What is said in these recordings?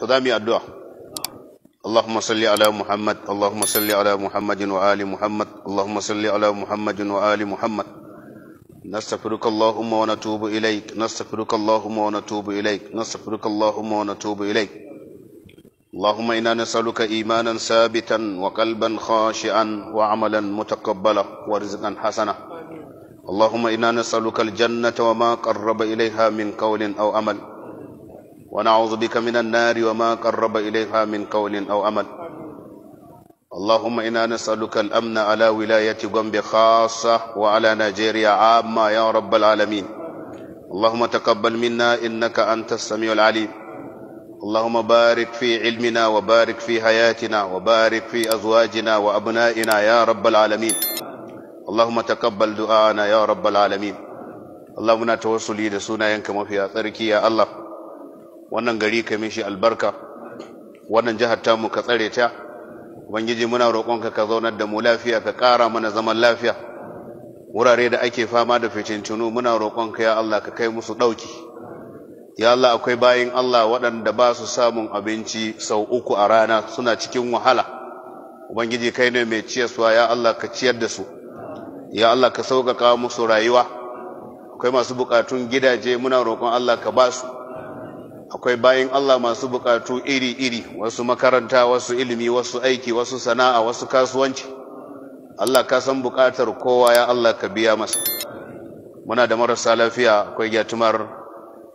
تدامي الدعاء اللهم صل على محمد اللهم صل على محمد وآل محمد اللهم صل على محمد وآل محمد نستغفرك اللهم ونتوب إليك نستغفرك اللهم ونتوب إليك نستغفرك اللهم ونتوب إليك اللهم إنا نسألك إيمانا ثابتا وقلبا خاشعا وعملا متقبلا ورزقا حسنا اللهم إنا نسألك الجنة وما قرب إليها من قول أو عمل ونعوذ بك من النار وما قرب إليها من قول أو عمل اللهم إنا نسألك الأمن على ولاية غمبي خاصة وعلى نيجيريا عامة يا رب العالمين اللهم تقبل منا إنك أنت السميع العليم اللهم بارك في علمنا وبارك في حياتنا وبارك في أزواجنا وأبنائنا يا رب العالمين اللهم تقبل دعاءنا يا رب العالمين اللهم نتوصل إلى سنة ينكم في أثرك يا الله wannan gari ka mishi albarka wannan jihar tamu ka tsare ta ubangiji muna roƙonka ka zaunar da mu lafiya ka ƙara mana zaman lafiya wurare da ake fama da fitintunu muna roƙonka ya Allah ka kai musu ɗauki ya Allah akwai bayin Allah waɗanda ba su samun abinci sau uku a rana suna cikin wahala ubangiji kai ne mai suwa ya Allah ka ciyar da su ya Allah ka sauƙaƙa musu rayuwa akwai masu buƙatun gidaje muna roƙon Allah ka ba su akwai bayan Allah masu bukatu iri-iri wasu makaranta wasu ilimi wasu aiki wasu sana'a wasu kasuwanci Allah ka san bukatar kowa ya Allah ka biya masa muna da marasa lafiya akwai yatimar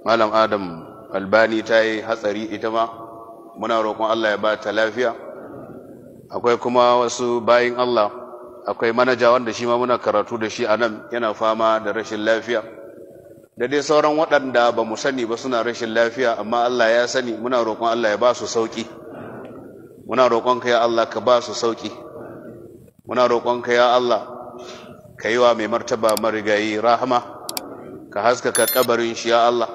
malam Adam Albani ta yi hatsari ita ma muna roƙon Allah ya ba ta lafiya akwai kuma wasu bayan Allah akwai manaja wanda shi ma muna karatu da shi a nan yana fama da rashin lafiya da dai sauran waɗanda ba mu sani ba suna rashin lafiya amma Allah ya sani muna roƙon Allah ya ba su sauƙi muna roƙon ka ya Allah ka ba su sauƙi muna roƙon ka ya Allah ka yi wa mai martaba marigayi rahama ka haskaka kabarin shi ya Allah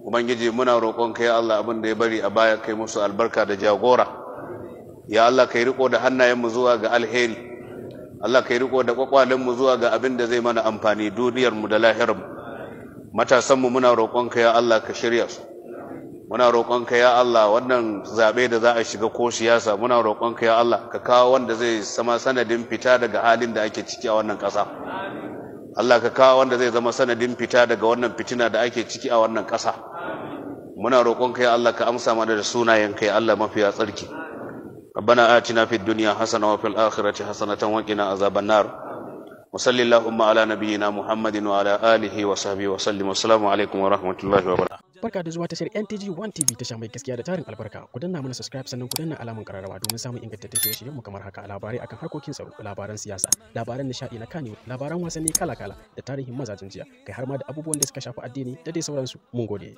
ubangiji muna roƙon ka ya Allah abin da ya bari a baya kai musu albarka da jagora ya Allah ka yi riko da hannayenmu zuwa ga alheri Allah ka yi riko da ƙwaƙwalinmu zuwa ga abinda zai mana amfani duniyarmu da lahirarmu matasanmu muna roƙonka ya Allah ka shirya su muna roƙonka ya Allah wannan zaɓe da za a shiga ko siyasa muna roƙonka ya Allah ka kawo wanda zai sama sanadin fita daga halin da ake ciki a wannan ƙasa Allah ka kawo wanda zai zama sanadin fita daga wannan fitina da ake ciki a wannan ƙasa muna roƙonka ya Allah ka amsa mana da sunayenka ya Allah mafi tsarki ربنا آتنا في الدنيا حسنة وفي الآخرة حسنة وقنا عذاب النار وصلي اللهم على نبينا محمد وعلى اله وصحبه وسلم والسلام عليكم ورحمه الله وبركاته barka da zuwa tashar NTG One TV ta mai gaskiya da tarin albarka ku danna mana subscribe sannan ku danna alamar kararrawa domin samun ingantaccen shirye-shiryen mu kamar haka labarai akan harkokin tsaro labaran siyasa labaran nishadi na kani labaran wasanni kala-kala da tarihin mazajen jiya kai har ma da abubuwan da suka shafi addini da dai sauransu mun gode